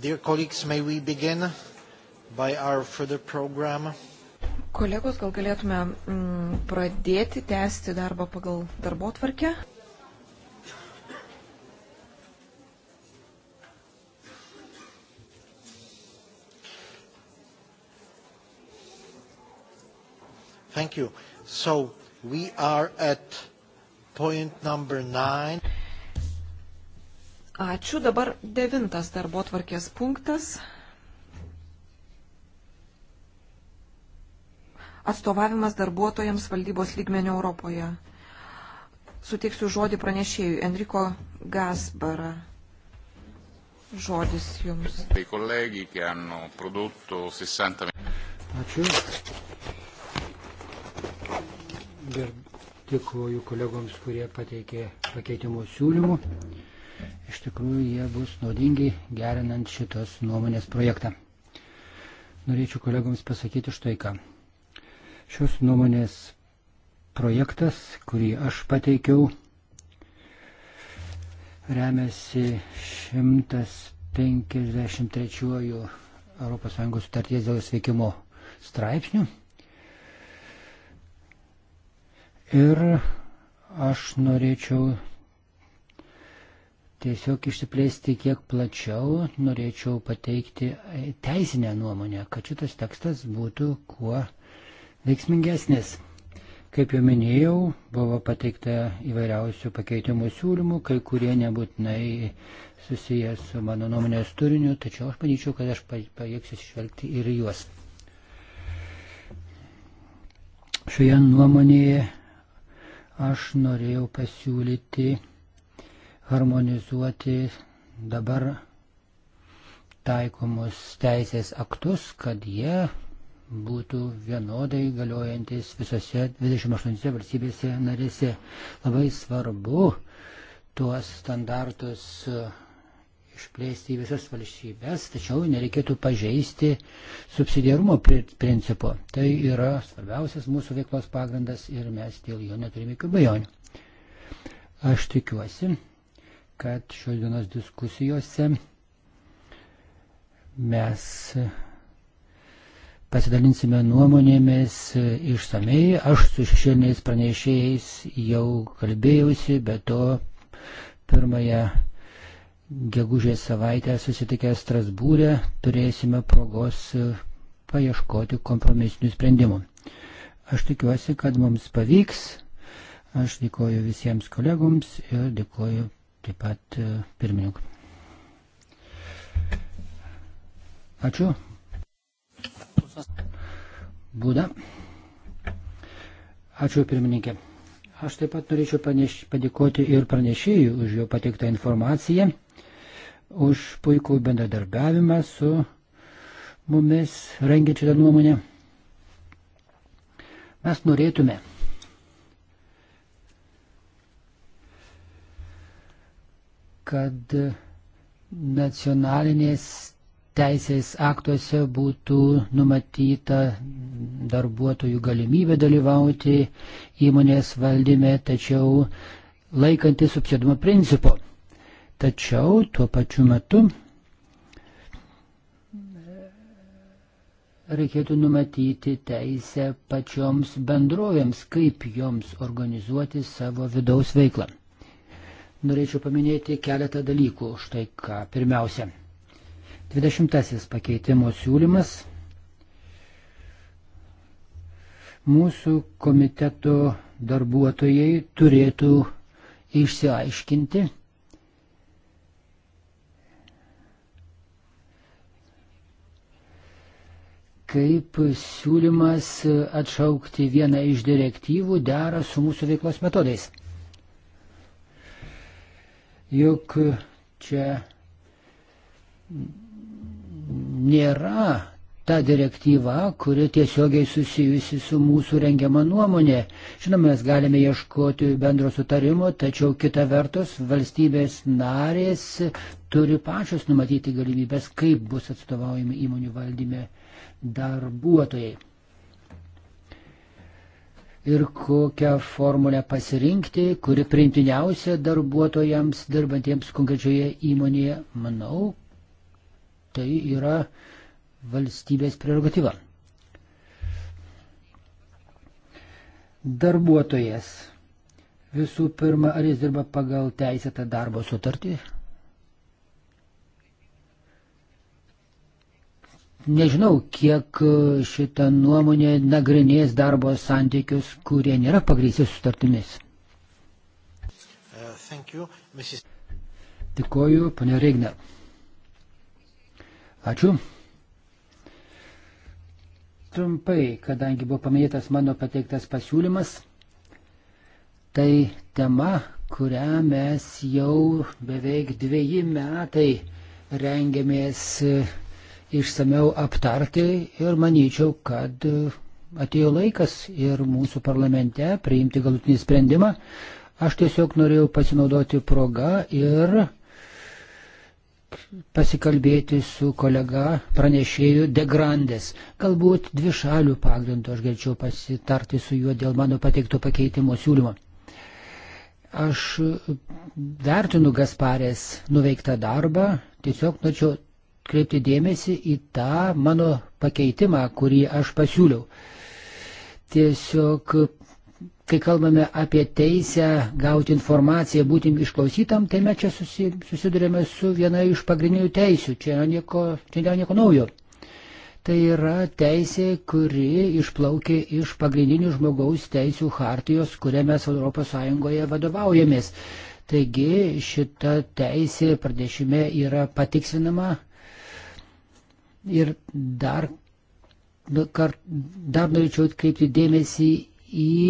Dear colleagues, may we begin by our further program? Kolegos, gal galėtume mm, pradėti tęsti darbą pagal darbo tvarkę? Thank you. So we are at point number nine. Ačiū. Dabar devintas darbo tvarkės punktas. Atstovavimas darbuotojams valdybos lygmenio Europoje. Suteiksiu žodį pranešėjui Enriko Gasbara. Žodis jums. Ačiū. Dėkuoju kolegoms, kurie pateikė pakeitimų siūlymų. Iš tikrųjų, jie bus naudingi gerinant šitos nuomonės projektą. Norėčiau kolegoms pasakyti štai ką. Šios nuomonės projektas, kurį aš pateikiau, remiasi 153 ES sutarties dėl sveikimo straipsnių. Ir aš norėčiau tiesiog išsiplėsti kiek plačiau, norėčiau pateikti e, teisinę nuomonę, kad šitas tekstas būtų kuo veiksmingesnis. Kaip jau minėjau, buvo pateikta įvairiausių pakeitimų siūlymų, kai kurie nebūtinai susijęs su mano nuomonės turiniu, tačiau aš manyčiau, kad aš pajėgsiu išvelgti ir juos. Šioje nuomonėje aš norėjau pasiūlyti harmonizuoti dabar taikomus teisės aktus, kad jie būtų vienodai galiojantis visose 28 valstybėse narėse. Labai svarbu tuos standartus išplėsti į visas valstybės, tačiau nereikėtų pažeisti subsidiarumo principo. Tai yra svarbiausias mūsų veiklos pagrindas ir mes dėl jo neturime jokių bajonių. Aš tikiuosi, kad šios dienos diskusijose mes pasidalinsime nuomonėmis išsamei. Aš su šešėliniais pranešėjais jau kalbėjausi, bet to pirmąją gegužės savaitę susitikę Strasbūrė turėsime progos paieškoti kompromisinių sprendimų. Aš tikiuosi, kad mums pavyks. Aš dėkoju visiems kolegoms ir dėkoju taip pat e, pirmininkui. Ačiū. Būda. Ačiū pirmininkė. Aš taip pat norėčiau paneš, padėkoti ir pranešėjui už jo pateiktą informaciją, už puikų bendradarbiavimą su mumis rengiančią nuomonę. Mes norėtume, kad nacionalinės teisės aktuose būtų numatyta darbuotojų galimybė dalyvauti įmonės valdyme, tačiau laikantis subsidumo principo. Tačiau tuo pačiu metu reikėtų numatyti teisę pačioms bendrovėms, kaip joms organizuoti savo vidaus veiklą norėčiau paminėti keletą dalykų. Štai ką. Pirmiausia, 20 pakeitimo siūlymas. Mūsų komiteto darbuotojai turėtų išsiaiškinti, kaip siūlymas atšaukti vieną iš direktyvų dera su mūsų veiklos metodais. Juk čia nėra ta direktyva, kuri tiesiogiai susijusi su mūsų rengiama nuomonė. Žinoma, mes galime ieškoti bendro sutarimo, tačiau kita vertus valstybės narės turi pačios numatyti galimybės, kaip bus atstovaujami įmonių valdyme darbuotojai ir kokią formulę pasirinkti, kuri priimtiniausia darbuotojams dirbantiems konkrečioje įmonėje, manau, tai yra valstybės prerogatyva. Darbuotojas. Visų pirma, ar jis dirba pagal teisėtą darbo sutartį, Nežinau, kiek e, šitą nuomonę nagrinės darbo santykius, kurie nėra pagrįsti sutartimis. Uh, Dėkoju, ponia Regner. Ačiū. Trumpai, kadangi buvo paminėtas mano pateiktas pasiūlymas, tai tema, kurią mes jau beveik dviejį metai rengiamės išsameu aptarti ir manyčiau, kad atėjo laikas ir mūsų parlamente priimti galutinį sprendimą. Aš tiesiog norėjau pasinaudoti progą ir pasikalbėti su kolega pranešėju Degrandės. Galbūt dvi šalių pagrindų aš galėčiau pasitarti su juo dėl mano pateikto pakeitimo siūlymo. Aš vertinu Gasparės nuveiktą darbą, tiesiog norėčiau atkreipti dėmesį į tą mano pakeitimą, kurį aš pasiūliau. Tiesiog, kai kalbame apie teisę gauti informaciją, būti išklausytam, tai mes čia susi, susidurėme su viena iš pagrindinių teisių. Čia nieko, čia nėra nieko naujo. Tai yra teisė, kuri išplaukė iš pagrindinių žmogaus teisų hartijos, kurią mes ES vadovaujamės. Taigi šita teisė pradėšime yra patikslinama Ir dar, nu, kar, dar norėčiau atkreipti dėmesį į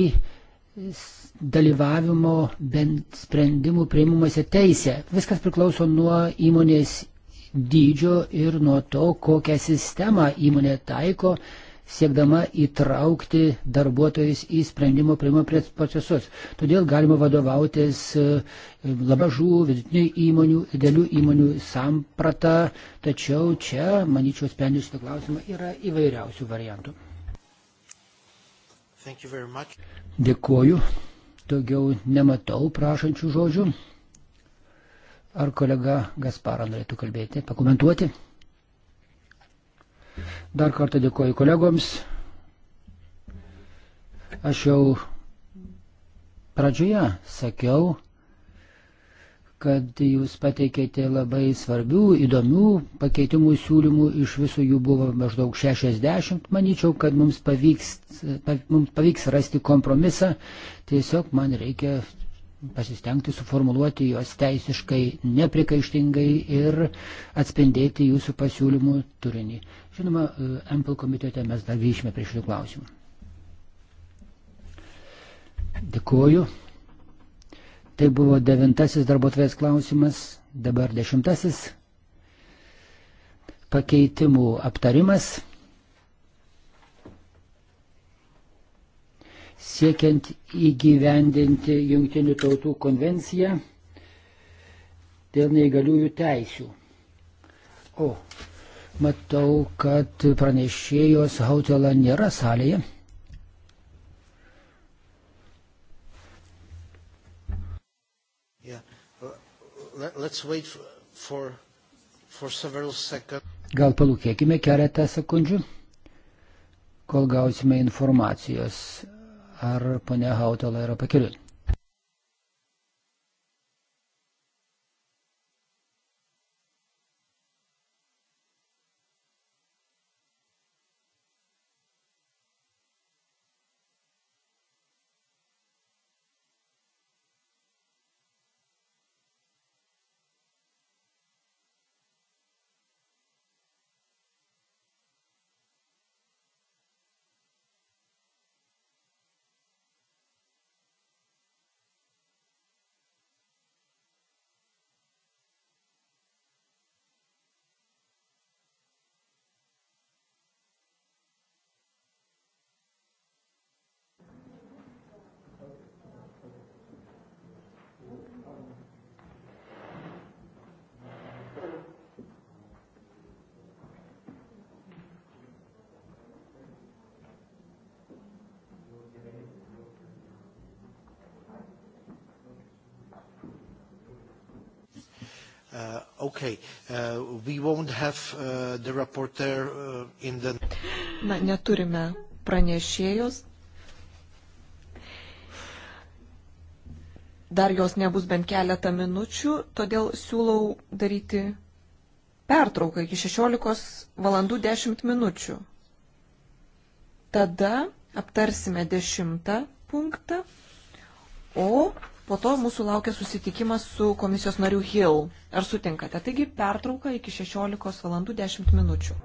dalyvavimo bent sprendimų prieimimuose teisę. Viskas priklauso nuo įmonės dydžio ir nuo to, kokią sistemą įmonė taiko siekdama įtraukti darbuotojus į sprendimo priimo procesus. Todėl galima vadovautis e, labažų, vidutinių įmonių, didelių įmonių samprata, tačiau čia, manyčiau, sprendžiu šitą klausimą, yra įvairiausių variantų. Dėkuoju. Daugiau nematau prašančių žodžių. Ar kolega Gasparą norėtų kalbėti, pakomentuoti? Dar kartą dėkoju kolegoms. Aš jau pradžioje sakiau, kad jūs pateikėte labai svarbių, įdomių pakeitimų siūlymų, iš visų jų buvo maždaug 60. Manyčiau, kad mums pavyks, mums pavyks rasti kompromisą, tiesiog man reikia pasistengti suformuluoti juos teisiškai neprikaištingai ir atspindėti jūsų pasiūlymų turinį. Žinoma, e, MPL komitete mes dar grįšime prie šių klausimų. Dėkuoju. Tai buvo devintasis darbo tvės klausimas, dabar dešimtasis pakeitimų aptarimas. siekiant įgyvendinti Junktinių tautų konvenciją dėl neįgaliųjų teisių. O, matau, kad pranešėjos Hautela nėra salėje. Yeah. For, for, for Gal palūkėkime keletą sekundžių, kol gausime informacijos ar ponia Hautala yra pakeliui. Uh, okay. Uh, we won't have uh, the rapporteur uh, in the... Na, neturime pranešėjos. Dar jos nebus bent keletą minučių, todėl siūlau daryti pertrauką iki 16 valandų 10 minučių. Tada aptarsime 10 punktą, o Po to mūsų laukia susitikimas su komisijos nariu Hill. Ar sutinkate? Taigi pertrauka iki 16 valandų 10 minučių.